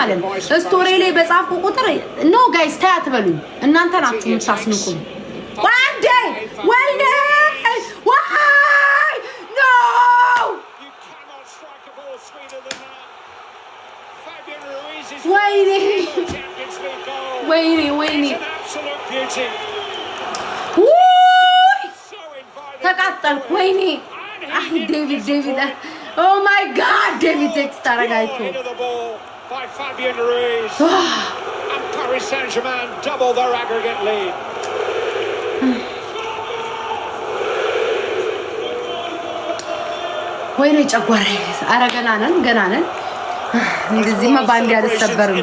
ማለት ነው። ስቶሪ ላይ በጻፍኩ ቁጥር ኖ ጋይስ ተይ አትበሉኝ። እናንተ ናችሁ የምታስንቁ። ወንዴ ወንዴ ዋይ ኖ ወይኔ ወይኔ ወይኔ ተቃጠልኩ። ወይኔ አይ ዴቪድ ዴቪድ ኦ ማይ ጋድ ዴቪድ ቴክስት አረጋይቶ by Fabian Ruiz. Ah. and Paris Saint Germain double their aggregate lead. ወይኔ ጨጓራ አረ ገና ነን ገና ነን። እንደዚህማ በአንድ አልሰበርም።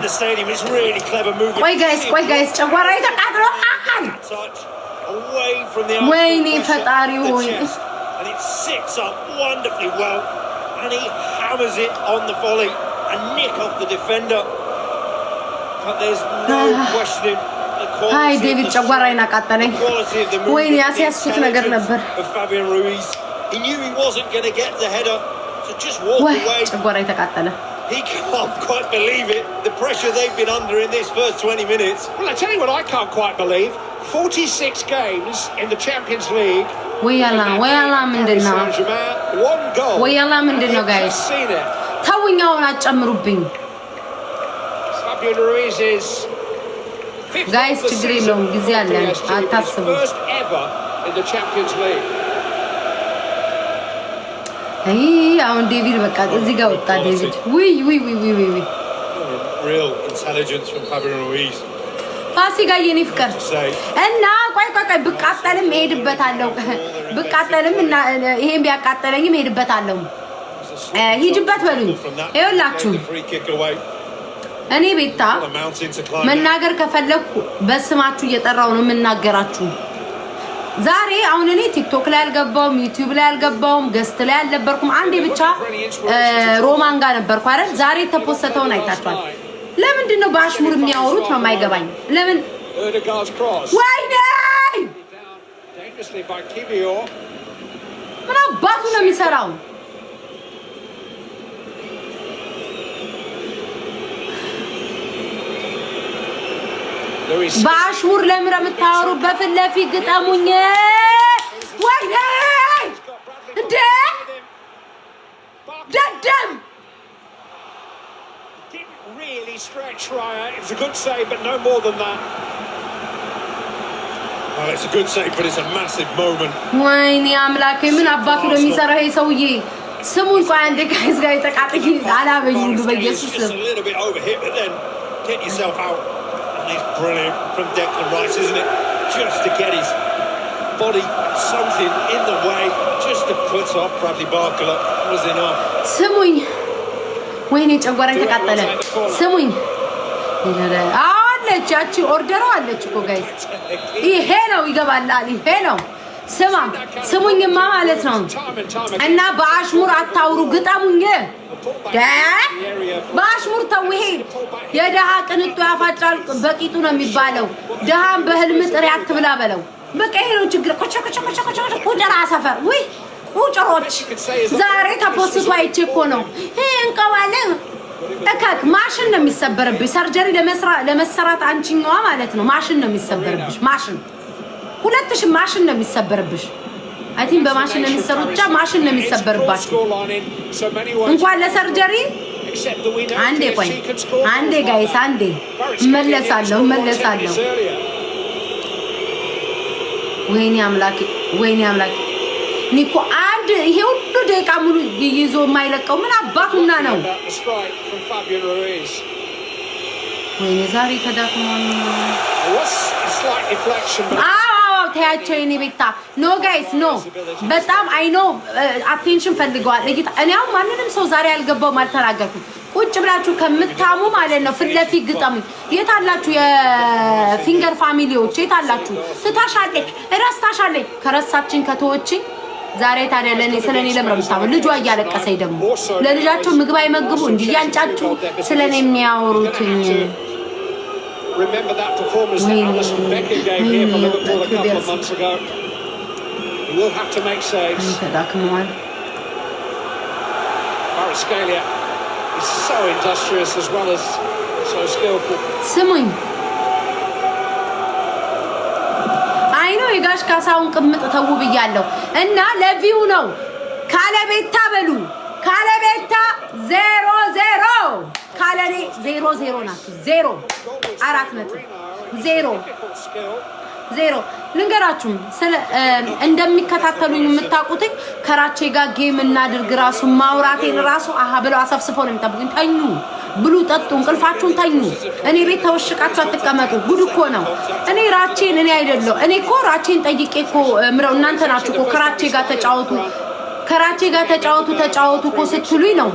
ቆይ ጋይስ ቆይ ጋይስ ጨጓራ ተቃጥሎ አካል ወይኔ ፈጣሪ ሆይ And it sits up wonderfully well, and he hammers it on the volley a nick off the defender. But there's no ah. questioning. አይ ዴቪድ ጨጓራ ይናቃጠለኝ። ወይኔ ያስያስኩት ነገር ነበር። ወይ ጨጓራ የተቃጠለ He can't quite believe it, the pressure they've been under in this first 20 minutes. Well, I tell you what I can't quite believe. 46 games in the Champions League. We ወያላ ወያላ ምንድን ነው? One goal. ወያላ ምንድን ነው ጋይስ? ተውኛውን አጨምሩብኝ ጋይስ፣ ችግር የለውም ጊዜ አለን አታስቡ። ይህ አሁን ዴቪድ በቃ እዚህ ጋር ወጣ። ዴቪድ ውይ ውይ ውይ ውይ ውይ ፋሲካ የኔ ፍቅር እና ቆይ ቆይ ቆይ ብቃጠልም እሄድበታለሁ ብቃጠልም እና ይሄን ቢያቃጠለኝም እሄድበታለሁ። ሂጅበት በሉኝ። ይኸውላችሁ እኔ ቤታ መናገር ከፈለግኩ በስማችሁ እየጠራው ነው የምናገራችሁ። ዛሬ አሁን እኔ ቲክቶክ ላይ አልገባውም፣ ዩቲዩብ ላይ አልገባውም፣ ገስት ላይ አልነበርኩም። አንዴ ብቻ ሮማን ጋር ነበርኩ አይደል? ዛሬ የተፖሰተውን አይታችኋል። ለምንድን ነው በአሽሙር የሚያወሩት ነው የማይገባኝ። ለምን ወይኔ ምን አባቱ ነው የሚሰራው? በአሽሙር ለምን የምታወሩ? በፊት ለፊት ግጠሙኝ። ወይኔ እንደ ደደም ወይኔ አምላኬ ምን አባቱ ነው የሚሰራው ይሄ ሰውዬ? ስሙን ቆይ አንዴ ጋይዝ ጋር የጠቃጥኝ አላበኝ ሁሉ በኢየሱስ ስም That is brilliant from Declan Rice, isn't it? Just to get his body something in the way, just to put off Bradley Barker was enough. ስሙኝ፣ ወይኔ ጨጓራኝ ተቃጠለ። ስሙኝ አለች ያቺ ኦርደሯ አለች እኮ ጋይስ። ይሄ ነው ይገባላል። ይሄ ነው ስማ ስሙኝማ ማለት ነው እና በአሽሙር አታውሩ፣ ግጠሙኝ። በአሽሙር ተው። ይሄ የድሃ ቅንጡ ያፋጫል በቂጡ ነው የሚባለው። ድሃን በህልም ጥሪ አትብላ በለው። በቃ ይሄ ነው ችግር። ቁጭራ ሰፈር ውይ ቁጭሮች ዛሬ ተፖስቶ አይቼ እኮ ነው ይሄ እንቀዋለ እከክ ማሽን ነው የሚሰበርብሽ። ሰርጀሪ ለመስራት አንቺኛዋ ማለት ነው ማሽን ነው የሚሰበርብሽ ማሽን ሁለትሽ ማሽን ነው የሚሰበርብሽ። አይቲን በማሽን ነው የሚሰሩት ብቻ ማሽን ነው የሚሰበርባቸው። እንኳን ለሰርጀሪ አንዴ ቆይ አንዴ ጋይስ አንዴ እመለሳለሁ እመለሳለሁ። ወይኔ አምላኬ ወይኔ አምላኬ። እኔ እኮ አንድ ይሄ ሁሉ ደቂቃ ሙሉ ይዞ የማይለቀው ምን አባቱና ነው? ወይኔ ዛሬ ተዳክሟል። ተያቸው የኔ ቤታ ኖ ጋይስ ኖ በጣም አይ ኖ አቴንሽን ፈልገዋል። ለጌታ እኔ አሁን ማንንም ሰው ዛሬ ያልገባውም አልተናገርኩም። ቁጭ ብላችሁ ከምታሙ ማለት ነው ፊት ለፊት ግጠሙኝ። የት አላችሁ የፊንገር ፋሚሊዎች? የት አላችሁ? ትታሻለች፣ እረስታሻለች። ከረሳችን ከተወችኝ ዛሬ ታዲያ ለኔ ስለኔ ለምረም ታው ልጇ እያለቀሰኝ ደግሞ ለልጃቸው ምግብ አይመግቡ እንዲያንጫጩ ስለኔ የሚያወሩትኝ remember that performance that Alison Becker gave here for Liverpool a couple of months ago. He will have to make saves. Bariscalia is so industrious as well as so skillful. ስሙኝ አይ ነው የጋሽ ካሳሁን ቅምጥ ተው ብያለሁ እና ለቪው ነው ካለቤታ በሉ የቤታ ዜሮ ዜሮ ካለኔ ዜሮ ዜሮ ናችሁ። ዜሮ አራት ነጥብ ዜሮ ዜሮ ልንገራችሁም እንደሚከታተሉኝ የምታውቁትኝ ከራቼ ጋር ጌም እናድርግ ራሱ ማውራቴን ራሱ አሀ ብለው አሰብስፈው ነው የሚጠብቁኝ። ተኙ፣ ብሉ፣ ጠጡ፣ እንቅልፋችሁን ተኙ። እኔ ቤት ተወሽቃችሁ አትቀመጡ። ጉድ እኮ ነው። እኔ ራቼን እኔ አይደለሁ እኔ እኮ ራቼን ጠይቄ እኮ ምረው እናንተ ናችሁ እኮ ከራቼ ጋር ተጫወቱ ከራቼ ጋር ተጫወቱ ተጫወቱ እኮ ስትሉኝ ነው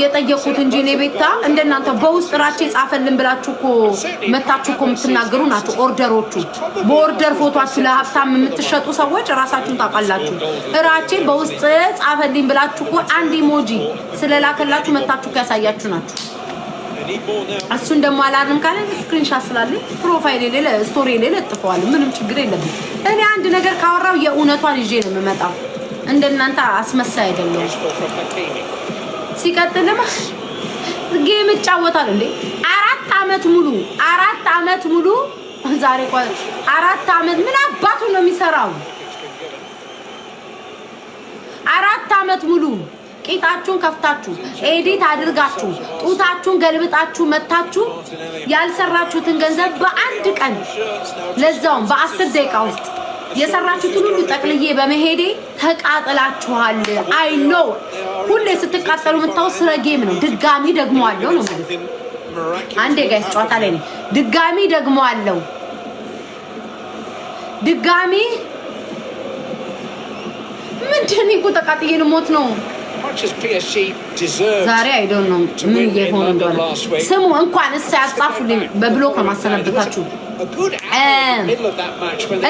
የጠየቁት እንጂ እኔ ቤታ እንደናንተ በውስጥ ራቼ ጻፈልን ብላችሁ እኮ መታችሁ እኮ የምትናገሩ ናቸው ኦርደሮቹ። በኦርደር ፎቷችሁ ለሀብታም የምትሸጡ ሰዎች ራሳችሁን ታውቃላችሁ። ራቼ በውስጥ ጻፈልኝ ብላችሁ እኮ አንድ ኢሞጂ ስለላከላችሁ መታችሁ ያሳያችሁ ናችሁ። እሱን ደግሞ አላርም ካለ ስክሪንሻት ስላለኝ ፕሮፋይል የሌለ ስቶሪ የሌለ እጥፈዋለሁ። ምንም ችግር የለብኝ። እኔ አንድ ነገር ካወራው የእውነቷን ይዤ ነው የምመጣው። እንደናንተ አስመሳይ አይደለም። ሲቀጥልም ጌም እጫወታለሁ እንዴ አራት አመት ሙሉ አራት አመት ሙሉ ዛሬ አራት አመት ምን አባቱ ነው የሚሰራው? አራት አመት ሙሉ ቂጣችሁን ከፍታችሁ ኤዲት አድርጋችሁ ጡታችሁን ገልብጣችሁ መታችሁ ያልሰራችሁትን ገንዘብ በአንድ ቀን ለዛውም በአስር ደቂቃ ውስጥ የሰራችሁትን ሁሉ ጠቅልዬ በመሄዴ ተቃጥላችኋል። አይ ኖ ሁሌ ስትቃጠሉ የምታወስ ስለ ጌም ነው። ድጋሚ ደግሞ አለው ነው አንዴ ጋይስ ጨዋታ ላይ ነው። ድጋሚ ደግሞ አለው ድጋሚ ምንድን እኮ ተቃጥዬ ልሞት ነው። ዛሬ አይደው ነው ምን እየሆኑ እንደሆነ ስሙ እንኳን እሳ ያጻፉልኝ በብሎክ ነው ማሰናበታችሁ Um,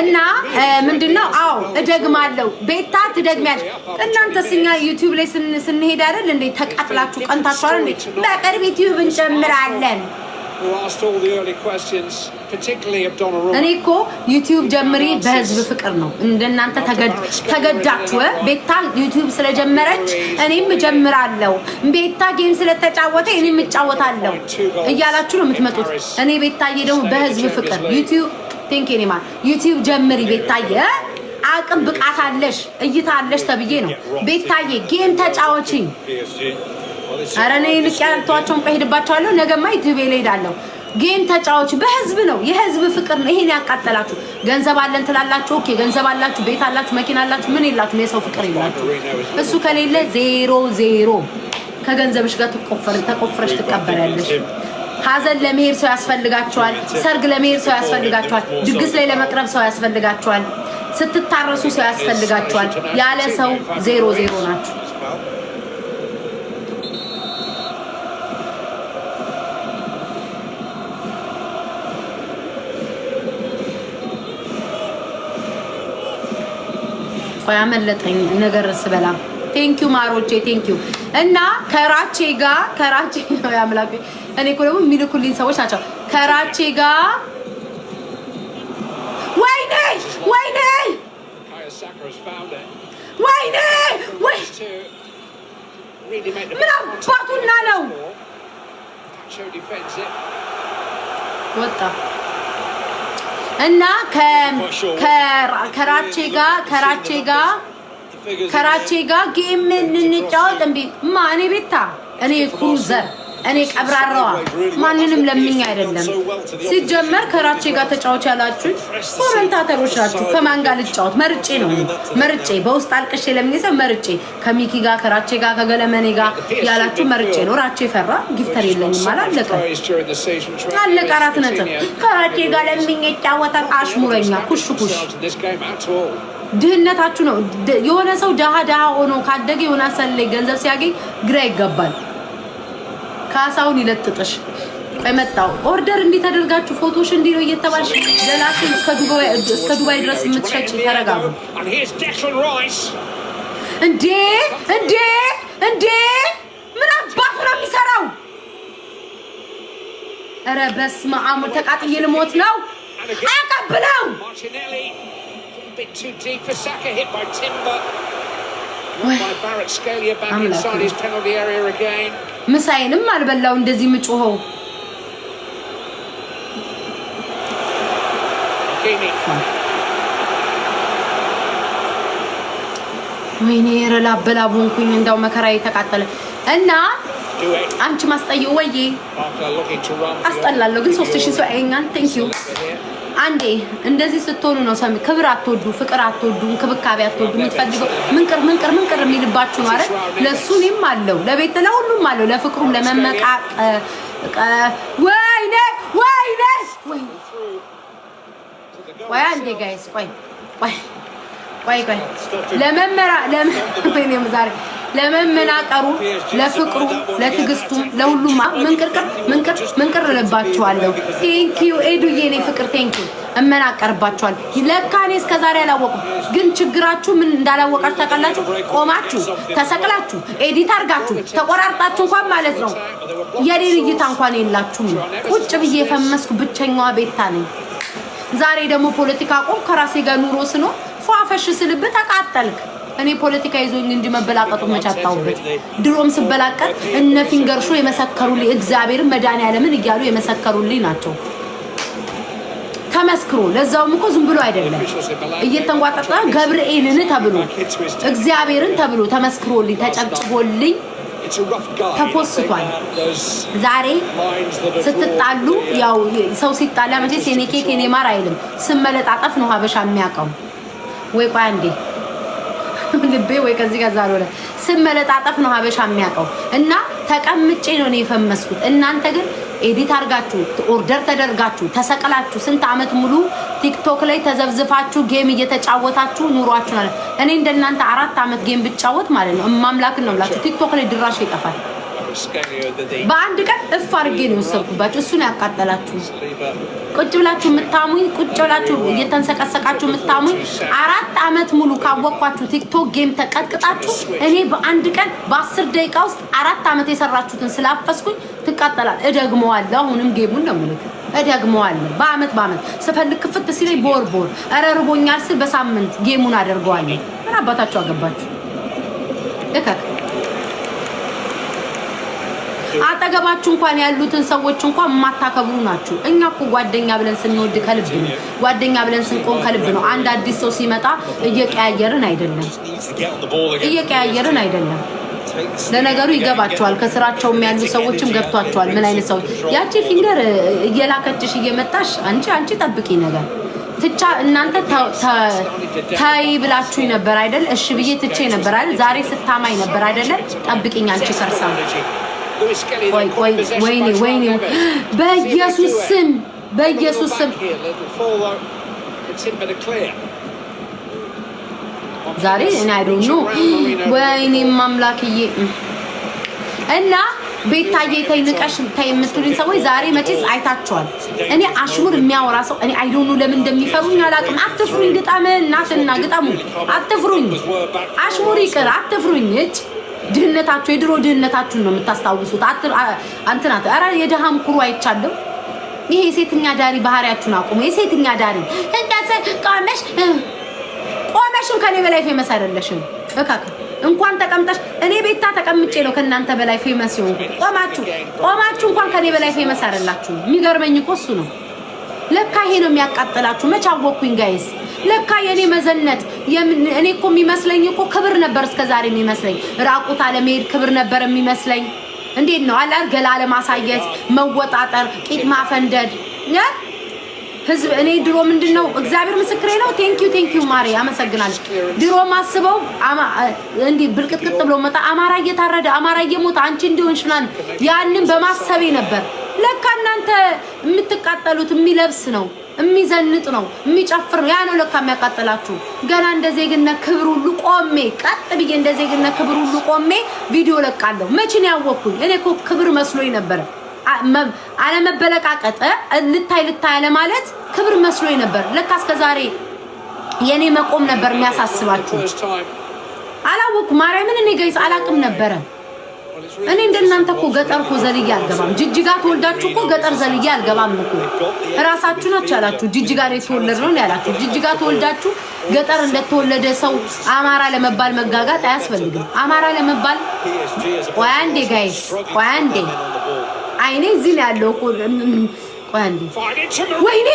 እና uh, ምንድን ነው? አዎ እደግማለሁ። ቤታ ትደግሚያለሽ። እናንተስ እኛ ዩቲዩብ ላይ ስንሄድ አይደል እንዴ ተቃጥላችሁ ቀንታችኋል እንዴ? በቅርብ ዩቲዩብ እንጨምራለን። እኔ እኮ ዩቲዩብ ጀምሬ በህዝብ ፍቅር ነው። እንደናንተ ተገዳችሁ ቤታ ዩቲዩብ ስለጀመረች እኔም ጀምራለሁ ቤታ ጌም ስለተጫወተ እኔም እጫወታለሁ እያላችሁ ነው የምትመጡት። እኔ ቤታዬ ደግሞ በህዝብ ፍቅር ዩቲዩብ ቴንክ ኔማ ዩቲዩብ ጀምሪ ቤታዬ አቅም ብቃት አለሽ እይታ አለሽ ተብዬ ነው ቤታዬ ጌም ተጫወቺ ኧረ እኔ ልቅ ያልተዋቸውም ቆይ ሄድባቸዋለሁ። ነገማ ዩቲዩብ ላይ ጌም ተጫዋች በህዝብ ነው። የህዝብ ፍቅር ነው። ይሄን ያቃጠላችሁ ገንዘብ አለን ትላላችሁ። ኦኬ ገንዘብ አላችሁ፣ ቤት አላችሁ፣ መኪና አላችሁ፣ ምን የላችሁ፣ የሰው ፍቅር የላችሁ። እሱ ከሌለ ዜሮ ዜሮ። ከገንዘብሽ ጋር ተቆፍረሽ ትቀበሪያለሽ። ሀዘን ለመሄድ ሰው ያስፈልጋቸዋል። ሰርግ ለመሄድ ሰው ያስፈልጋቸዋል። ድግስ ላይ ለመቅረብ ሰው ያስፈልጋቸዋል። ስትታረሱ ሰው ያስፈልጋቸዋል። ያለ ሰው ዜሮ ዜሮ ናቸው። ቆይ አመለጠኝ ነገር ስበላ። ቴንኪዩ ማሮቼ ቴንኪዩ። እና ከራቼ ጋ ከራቼ ነው ያምላክ እኔ እኮ ደግሞ የሚልኩልኝ ሰዎች ናቸው። ከራቼ ጋ ወይኔ ወይኔ ወይኔ ወይ ምን አባቱና ነው ወጣ እና ከራቼ ጋር ከራቼ ጋር ከራቼ ጋር ጌም እንጫወት እምቢ ማ እኔ ቤታ እኔ ኩዘር እኔ ቀብራራዋ ማንንም ለምኝ አይደለም። ሲጀመር ከራቼ ጋር ተጫወች ያላችሁ ኮመንታተሮች ናችሁ። ከማን ጋር ልጫወት መርጬ ነው መርጬ በውስጥ አልቅሼ ለምኝ ሰው መርጬ ከሚኪ ጋር ከራቼ ጋር ከገለመኔ ጋር ያላችሁ መርጬ ነው። ራቼ ፈራ ጊፍተር የለኝም አላለቀ አለቀ አራት ነጥብ። ከራቼ ጋር ለምኝ ይጫወታል። አሽሙረኛ ኩሽ ኩሽ ድህነታችሁ ነው። የሆነ ሰው ደሃ ደሃ ሆኖ ካደገ የሆነ ሰላይ ገንዘብ ሲያገኝ ግራ ይገባል። ካሳውን ይለጥጥሽ። የመጣው ኦርደር እንዲህ ተደርጋችሁ ፎቶሽ እንዲህ ነው እየተባልሽ ገላሽን እስከ ዱባይ ድረስ የምትሸጪ ተረጋጉ። እንዴ እንዴ እንዴ! ምን አባት ነው የሚሰራው? ኧረ በስመ አብ! ተቃጥዬ ልሞት ነው። አቀብለው ወይ ምሳዬንም አልበላው እንደዚህ ምጮኸው ወይኔ ረላ አበላብ ሆንኩኝ። እንዳው መከራ የተቃጠለ እና አንቺ ማስጠየው ወይዬ አስጠላለሁ ግን ሶስት ሺህ ሰው አይኛን ቴንክ ዩ አንዴ እንደዚህ ስትሆኑ ነው ሰሚ ክብር አትወዱ፣ ፍቅር አትወዱ፣ እንክብካቤ አትወዱ። የምትፈልገው ምንቅር ምንቅር ምንቅር የሚልባችሁ ነው አይደል? ለሱ እኔም አለው ለቤት ለሁሉም አለው ለፍቅሩም ለመመቃ ወይኔ ወይኔ ወይ ቆይ አንዴ ጋይስ ቆይ ቆይ ቆይ ቆይ ለመመራ ለምን ዛሬ ለመመናቀሩ፣ ለፍቅሩ፣ ለትዕግስቱ፣ ለሁሉማ ምንቅርቅር ምንቅር ምንቅር ልባችኋለሁ። ቴንኪዩ ኤዱዬ፣ እኔ ፍቅር ቴንኪዩ። እመናቀርባችኋለሁ። ለካ እኔ እስከዛሬ አላወቁም። ግን ችግራችሁ ምን እንዳላወቃችሁ ታውቃላችሁ? ቆማችሁ ተሰቅላችሁ ኤዲት አድርጋችሁ ተቆራርጣችሁ እንኳን ማለት ነው የኔን እይታ እንኳን የላችሁም። ቁጭ ብዬ የፈመስኩ ብቸኛዋ ቤታ ነኝ። ዛሬ ደግሞ ፖለቲካ ቆም ከራሴ ጋር ኑሮ ስኖ ፏፈሽ ስልብህ ተቃጠልክ። እኔ ፖለቲካ ይዞኝ እንጂ መበላቀጡ መቻታውበት ድሮም ስበላቀጥ እነ ፊንገርሾ የመሰከሩልኝ እግዚአብሔርን መድኃኒዓለምን እያሉ የመሰከሩልኝ ናቸው። ተመስክሮ ለዛውም እኮ ዝም ብሎ አይደለም እየተንቋጠጠ ገብርኤልን ተብሎ እግዚአብሔርን ተብሎ ተመስክሮልኝ ተጨብጭቦልኝ ተፖስቷል። ዛሬ ስትጣሉ ያው ሰው ሲጣላ መቼስ የኔ ኬክ የኔ ማር አይልም። ስመለጣጠፍ ነው ሀበሻ የሚያውቀው ወይ? ቆይ አንዴ ልቤ ወይ ከዚህ ጋር ዛሬ ስመለጣጠፍ ነው ሀበሻ የሚያውቀው። እና ተቀምጬ ነው እኔ የፈመስኩት። እናንተ ግን ኤዲት አድርጋችሁ ኦርደር ተደርጋችሁ ተሰቅላችሁ ስንት አመት ሙሉ ቲክቶክ ላይ ተዘብዝፋችሁ ጌም እየተጫወታችሁ ኑሯችሁ አለ። እኔ እንደናንተ አራት አመት ጌም ብጫወት ማለት ነው እማምላክን ነው ብላችሁ ቲክቶክ ላይ ድራሽ ይጠፋል። በአንድ ቀን እፍ አድርጌ ነው የወሰድኩባችሁ። እሱን ያቃጠላችሁ ቁጭ ብላችሁ የምታሙኝ ቁጭ ብላችሁ እየተንሰቀሰቃችሁ የምታሙኝ አራት አመት ሙሉ ካወቅኳችሁ ቲክቶክ ጌም ተቀጥቅጣችሁ እኔ በአንድ ቀን በአስር ደቂቃ ውስጥ አራት አመት የሰራችሁትን ስላፈስኩኝ ትቃጠላል። እደግመዋለሁ። አሁንም ጌሙን ነው እደግመዋለሁ። በአመት በአመት ስፈልግ ክፍት ሲለኝ በወር በወር ኧረ ርቦኛል ስል በሳምንት ጌሙን አደርገዋለሁ። ምን አባታችሁ አገባችሁ እከክ አጠገባችሁ እንኳን ያሉትን ሰዎች እንኳን የማታከብሩ ናችሁ። እኛ እኮ ጓደኛ ብለን ስንወድ ከልብ ነው። ጓደኛ ብለን ስንቆም ከልብ ነው። አንድ አዲስ ሰው ሲመጣ እየቀያየርን አይደለም፣ እየቀያየርን አይደለም። ለነገሩ ይገባቸዋል። ከስራቸውም ያሉ ሰዎችም ገብቷቸዋል። ምን አይነት ሰው ያቺ ፊንገር እየላከችሽ እየመጣሽ አንቺ አንቺ ጠብቂ ነገር ትቻ እናንተ ታይ ብላችሁ ነበር አይደል? እሺ ብዬ ትቼ ነበር አይደል? ዛሬ ስታማኝ ነበር አይደለም? ጠብቂኝ አንቺ ከርሳ ወይኔ ወይኔ፣ በኢየሱስ ስም በኢየሱስ ስም ዛሬ እኔ አይዶኖ ወይኔ አምላክዬ እና ቤታዬ ተይ ንቀሽ ተይ የምትሉኝ ሰዎች ዛሬ መቼስ አይታችኋል። እኔ አሽሙር የሚያወራ ሰው እኔ አይዶኑ ለምን እንደሚፈሩኝ አላውቅም። አትፍሩኝ፣ ግጣም እናትና ግጣሙ፣ አትፍሩኝ፣ አሽሙር ይቅር፣ አትፍሩኝ እጭ ድህነታችሁ የድሮ ድህነታችሁን ነው የምታስታውሱት። አንትናት ኧረ የድሃም ኩሩ አይቻለሁ። ይሄ የሴትኛ ዳሪ ባህሪያችሁን አቁሙ። የሴትኛ ዳሪ እንዳሰ ቆመሽ ቆመሽን ከኔ በላይ ፌመስ አይደለሽም። እካክ እንኳን ተቀምጠሽ እኔ ቤታ ተቀምጬ ነው ከእናንተ በላይ ፌመስ ሲሆን ቆማችሁ ቆማችሁ እንኳን ከኔ በላይ ፌመስ አይደላችሁ። የሚገርመኝ እኮ እሱ ነው። ለካ ይሄ ነው የሚያቃጥላችሁ። መች አወኩኝ ጋይስ ለካ የኔ መዘነት እኔ እኮ የሚመስለኝ እኮ ክብር ነበር እስከዛሬ የሚመስለኝ ራቁት አለመሄድ ክብር ነበር የሚመስለኝ። እንዴት ነው አላር ገላ ለማሳየት መወጣጠር፣ ቂጥ ማፈንደድ ህዝብ እኔ ድሮ ምንድን ነው እግዚአብሔር ምስክሬ ነው። ቴንክ ዩ ቴንክ ዩ ማሪ አመሰግናለሁ። ድሮ ማስበው እንዲህ ብልቅጥቅጥ ብሎ መጣ አማራ እየታረደ አማራ እየሞተ አንቺ እንዲሆንሽ ምናምን ያንን በማሰቤ ነበር። ለካ እናንተ የምትቃጠሉት የሚለብስ ነው፣ የሚዘንጥ ነው፣ የሚጨፍር ነው። ያ ነው ለካ የሚያቃጥላችሁ። ገና እንደ ዜግነት ክብር ሁሉ ቆሜ ቀጥ ብዬ እንደ ዜግነት ክብር ሁሉ ቆሜ ቪዲዮ ለቃለሁ። መችን ያወቅኩኝ እኔ እኮ ክብር መስሎኝ ነበረ። አለመበለቃቀጠ ልታይ ልታይ አለማለት ክብር መስሎኝ ነበር። ለካ እስከ ዛሬ የእኔ መቆም ነበር የሚያሳስባችሁ። አላወቅኩ ማርያምን እኔ ገይጽ አላቅም ነበረ እኔ እንደናንተ እኮ ገጠር እኮ ዘልዬ አልገባም። ጅጅጋ ተወልዳችሁ እኮ ገጠር ዘልዬ አልገባም እኮ እራሳችሁ ናችሁ ያላችሁ። ጅጅጋ ላይ የተወለድ ነው ያላችሁ። ጅጅጋ ተወልዳችሁ ገጠር እንደተወለደ ሰው አማራ ለመባል መጋጋጥ አያስፈልግም። አማራ ለመባል ቆይ አንዴ ጋይስ፣ ቆይ አንዴ አይኔ እዚህ ላይ ያለው ቆይ አንዴ፣ ወይኔ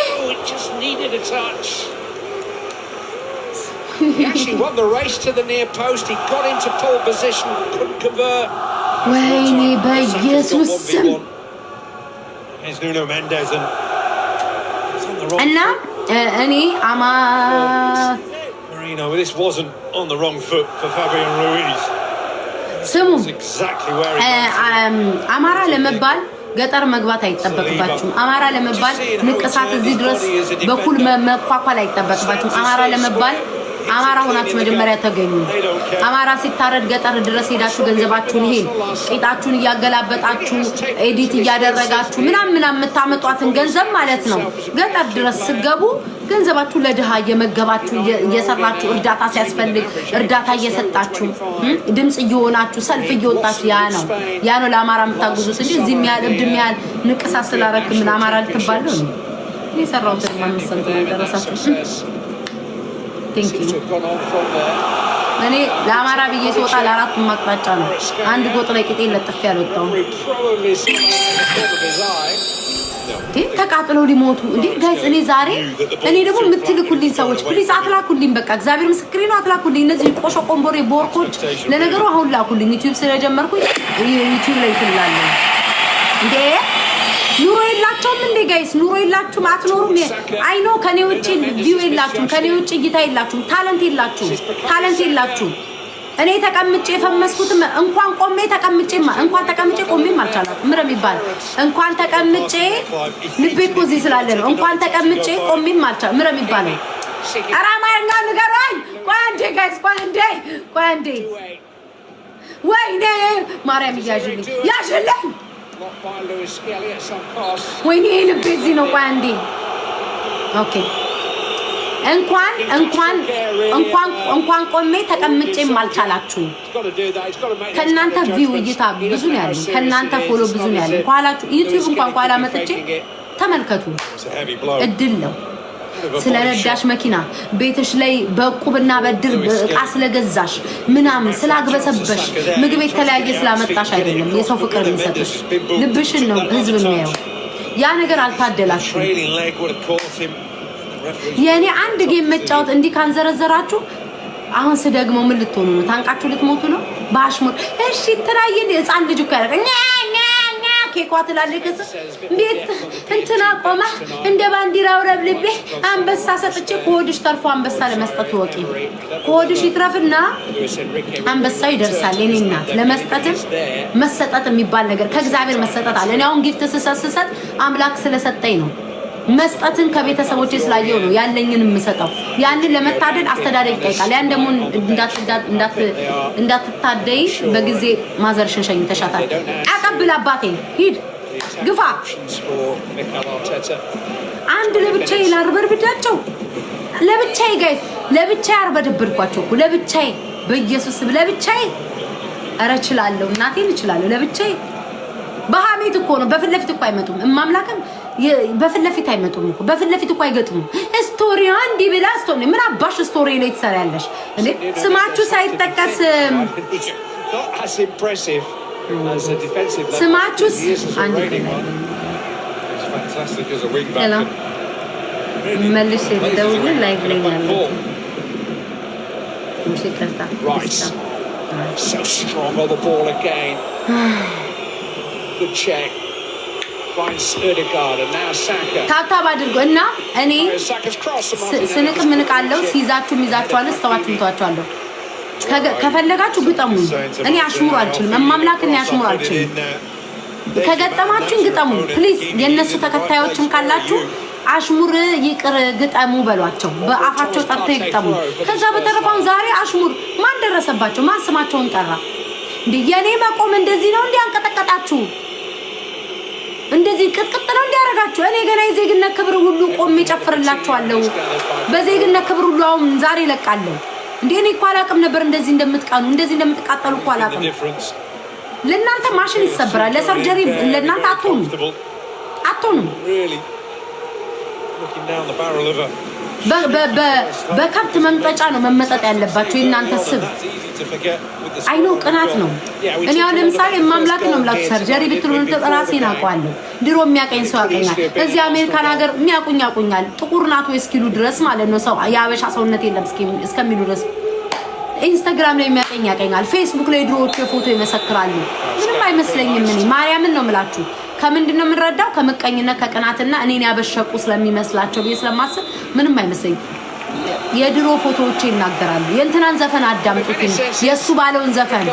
He actually won the race to the near post. He got into pole position, couldn't convert. ወይኔ በኢየሱስ ስም እና እኔ አማ ስሙ አማራ ለመባል ገጠር መግባት አይጠበቅባችሁም። አማራ ለመባል ንቅሳት እዚህ ድረስ በኩል መኳኳል አይጠበቅባችሁም። አማራ ለመባል አማራ ሆናችሁ መጀመሪያ ተገኙ። አማራ ሲታረድ ገጠር ድረስ ሄዳችሁ ገንዘባችሁን ይሄን ቂጣችሁን እያገላበጣችሁ ኤዲት እያደረጋችሁ ምናምን ምናምን የምታመጧትን ገንዘብ ማለት ነው። ገጠር ድረስ ስገቡ ገንዘባችሁ ለድሃ እየመገባችሁ እየሰራችሁ እርዳታ ሲያስፈልግ እርዳታ እየሰጣችሁ ድምፅ እየሆናችሁ ሰልፍ እየወጣችሁ ያ ነው ያ ነው ለአማራ የምታግዙት እንጂ እዚህ የሚያህል እብድ የሚያህል ንቅሳት ስላረክ ምን አማራ ልትባሉ ነው? እኔ የሰራሁትን ማንሰንት ነው ደረሳችሁ እኔ ለአማራ ብዬ ስወጣ ለአራቱ ማቅጣጫ ነው። አንድ ጎጥ ላይ ቂጤ ለጥፍ ያልወጣው ግን ተቃጥለው ሊሞቱ እንዴ ጋይስ። እኔ ዛሬ እኔ ደግሞ የምትልኩልኝ ሰዎች ፕሊዝ አትላኩልኝ። በቃ እግዚአብሔር ምስክሬ ነው፣ አትላኩልኝ። እነዚህ ቆሾ ቆንቦሬ ቦርኮች ለነገሩ አሁን ላኩልኝ። ዩቲዩብ ስለጀመርኩኝ ዩቲዩብ ላይ ትላለ እንዴ ኑሮ የላቸውም እንዴ ጋይስ? ኑሮ የላችሁም፣ አትኖሩም። አይኖ ከኔ ውጭ ቪው የላችሁም፣ ከኔ ውጭ እይታ የላችሁም፣ ታለንት የላችሁም፣ ታለንት የላችሁም። እኔ ተቀምጬ የፈመስኩትም እንኳን ቆሜ ተቀምጬ እንኳን ተቀምጬ ቆሜም አልቻላትም። ምረም ይባል እንኳን ተቀምጬ ልቤ እኮ እዚህ ስላለ ነው። እንኳን ተቀምጬ ቆሜም አልቻላትም። ምረም ይባል ኧረ አማርኛ ንገሯኝ። ቆይ አንዴ ጋይስ፣ ቆይ አንዴ፣ ቆይ አንዴ። ወይኔ ማርያም እያዥልኝ ያዥልኝ ወይኔ ልብ እዚህ ነው። ቆይ አንዴ ኦኬ። እንኳን እንኳን እንኳን እንኳን ቆሜ ተቀምጬም አልቻላችሁም። ከእናንተ ቪው እይታ ብዙ ነው ያለኝ፣ ከእናንተ ፎሎ ብዙ ነው ያለኝ። ከኋላችሁ ዩቲዩብ እንኳን ከኋላ መጥቼ ተመልከቱ። እድል ነው ስለነዳሽ መኪና ቤትሽ ላይ በቁብና በድር እቃ ስለገዛሽ ምናምን ስላግበሰበሽ ምግብ የተለያየ ስላመጣሽ አይደለም የሰው ፍቅር የሚሰጥሽ ልብሽን ነው ህዝብ የሚያየው። ያ ነገር አልታደላችሁ። የእኔ አንድ ጌም መጫወት እንዲህ ካንዘረዘራችሁ አሁን ስደግሞ ምን ልትሆኑ ነው? ታንቃችሁ ልትሞቱ ነው? በአሽሙር እሺ፣ ትናየን ህፃን ልጅ እኮ ያደረገ እኮ ትላለች። ገጽ እንዴት እንትና ቆማ እንደ ባንዲራ ውረብ ልቤ አንበሳ ሰጥቼ ከወድሽ ተርፎ አንበሳ ለመስጠት ወቂ ከወድሽ ይትረፍና አንበሳው ይደርሳል። የኔ እናት ለመስጠትም መሰጠት የሚባል ነገር ከእግዚአብሔር መሰጠት አለ። እኔ አሁን ጊፍት ስሰጥ ስሰጥ አምላክ ስለሰጠኝ ነው። መስጠትን ከቤተሰቦች ስላየው ነው ያለኝን የምሰጠው። ያንን ለመታደል አስተዳደግ ይጠይቃል። ያን ደግሞ እንዳትታደይ በጊዜ ማዘርሽን ሸኝተሻታል። አቀብል አባቴ ሂድ ግፋ። አንድ ለብቻዬ ላርበድብዳቸው ለብቻዬ ጋይዝ ለብቻዬ አርበድብድኳቸው እኮ ለብቻዬ በኢየሱስ ለብቻዬ እረ እችላለሁ፣ እናቴን እችላለሁ። ለብቻዬ በሀሜት እኮ ነው። በፊት ለፊት እኮ አይመጡም እማምላክም በፊት ለፊት አይመጡም እኮ በፊት ለፊት እኮ አይገጥሙም። ስቶሪ አንዲ ብላ ስቶሪ ምን አባሽ ስቶሪ ላይ ትሰሪያለሽ እንዴ? ስማችሁ ሳይጠቀስ ስማችሁ መልሼ ደውል ላይ ግለኛለ ታብታብ አድርጎ እና እኔ uh, ስንቅ ምንቃለው ሲይዛችሁ ይዛችኋለ ስተዋችሁ ምተዋችኋለሁ። ከፈለጋችሁ ግጠሙ። እኔ አሽሙር አልችልም። መማምላክ እኔ አሽሙሩ አልችልም። ከገጠማችሁኝ ግጠሙ ፕሊዝ። የእነሱ ተከታዮችም ካላችሁ አሽሙር ይቅር ግጠሙ በሏቸው። በአፋቸው ጠርተው ይግጠሙ። ከዛ በተረፋውን ዛሬ አሽሙር ማን ደረሰባቸው? ማን ስማቸውን ጠራ? የእኔ መቆም እንደዚህ ነው። እንዲ አንቀጠቀጣችሁ እንደዚህ ቅጥቅጥ ነው እንዲያደርጋቸው እኔ ገና የዜግነት ክብር ሁሉ ቆሜ ጨፍርላችኋለሁ። በዜግነት ክብር ሁሉ አሁን ዛሬ እለቃለሁ። እንዴ እኔ እኮ ነበር እንደዚህ እንደምትቃኑ እንደዚህ እንደምትቃጠሉ እኮ አላቅም። ለእናንተ ማሽን ይሰብራል፣ ለሰርጀሪ ለእናንተ አትሆኑ አትሆኑ። በከብት መምጠጫ ነው መመጠጥ ያለባቸው የእናንተ ስብ አይኖ ቅናት ነው። እኔ አሁን ለምሳሌ የማምላክ ነው ምላክ ሰርጀሪ ብትሉን ራሴን አውቀዋለሁ። ድሮ የሚያቀኝ ሰው ያቀኛል። እዚህ አሜሪካን ሀገር የሚያቁኝ ያቁኛል። ጥቁር ናት ወይ እስኪሉ ድረስ ማለት ነው። ሰው የአበሻ ሰውነት የለም እስከሚሉ ድረስ ኢንስታግራም ላይ የሚያቀኝ ያቀኛል። ፌስቡክ ላይ ድሮዎቹ የፎቶ ይመሰክራሉ። ምንም አይመስለኝም። እኔ ማርያምን ነው ምላችሁ ከምንድን ነው የምንረዳው? ከምቀኝነት ከቅናትና እኔን ያበሸቁ ስለሚመስላቸው ብዬ ስለማስብ ምንም አይመስለኝም። የድሮ ፎቶዎች ይናገራሉ። የእንትናን ዘፈን አዳምጡት፣ የእሱ ባለውን ዘፈን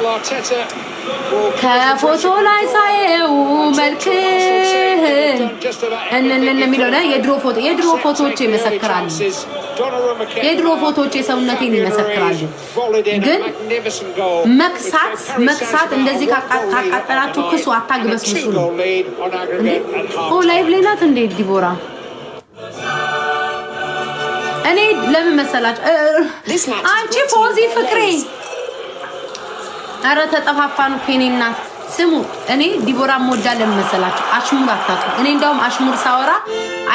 ከፎቶ ላይ ሳየው መልክህን እንንን የሚለሆነ የድሮ ፎቶ የድሮ ፎቶዎች ይመሰክራሉ። የድሮ ፎቶዎች የሰውነቴን ይመሰክራሉ። ግን መክሳት መክሳት እንደዚህ ካቃጠላችሁ ክሱ፣ አታግበስብሱ ነው። ኦ ላይቭ ሌናት እንዴት ዲቦራ እኔ ለምን መሰላች? አንቺ ፎዚ ፍቅሬ፣ አረ ተጠፋፋን እኮ የእኔ እናት። ስሙ እኔ ዲቦራ ሞዳ ለምን መሰላች? አሽሙር አታውቅም። እኔ እንደውም አሽሙር ሳወራ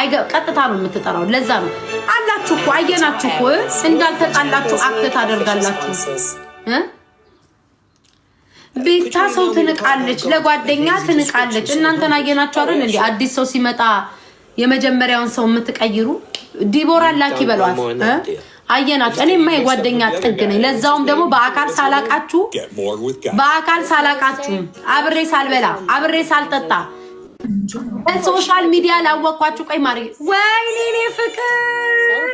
አይገ ቀጥታ ነው የምትጠራው። ለዛ ነው አላችሁ እኮ አየናችሁ እኮ እንዳልተጣላችሁ አክት ታደርጋላችሁ። ቤታ ሰው ትንቃለች፣ ለጓደኛ ትንቃለች። እናንተን አየናችሁ አይደል? እንዴ አዲስ ሰው ሲመጣ የመጀመሪያውን ሰው የምትቀይሩ ዲቦራን ላኪ በሏት። አየናቸው። እኔማ የጓደኛ ጥግ ነኝ። ለዛውም ደግሞ በአካል ሳላቃችሁ በአካል ሳላቃችሁ አብሬ ሳልበላ አብሬ ሳልጠጣ በሶሻል ሚዲያ ላወቅኳችሁ። ቆይ ማሪ፣ ወይኔ እኔ ፍቅር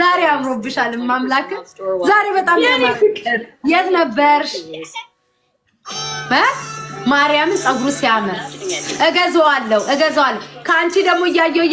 ዛሬ አምሮብሻል። ማምላክ ዛሬ በጣም የት ነበርሽ? ማርያምን ጸጉሩ ሲያምር እገዛዋለሁ እገዛዋለሁ። ከአንቺ ደግሞ እያየው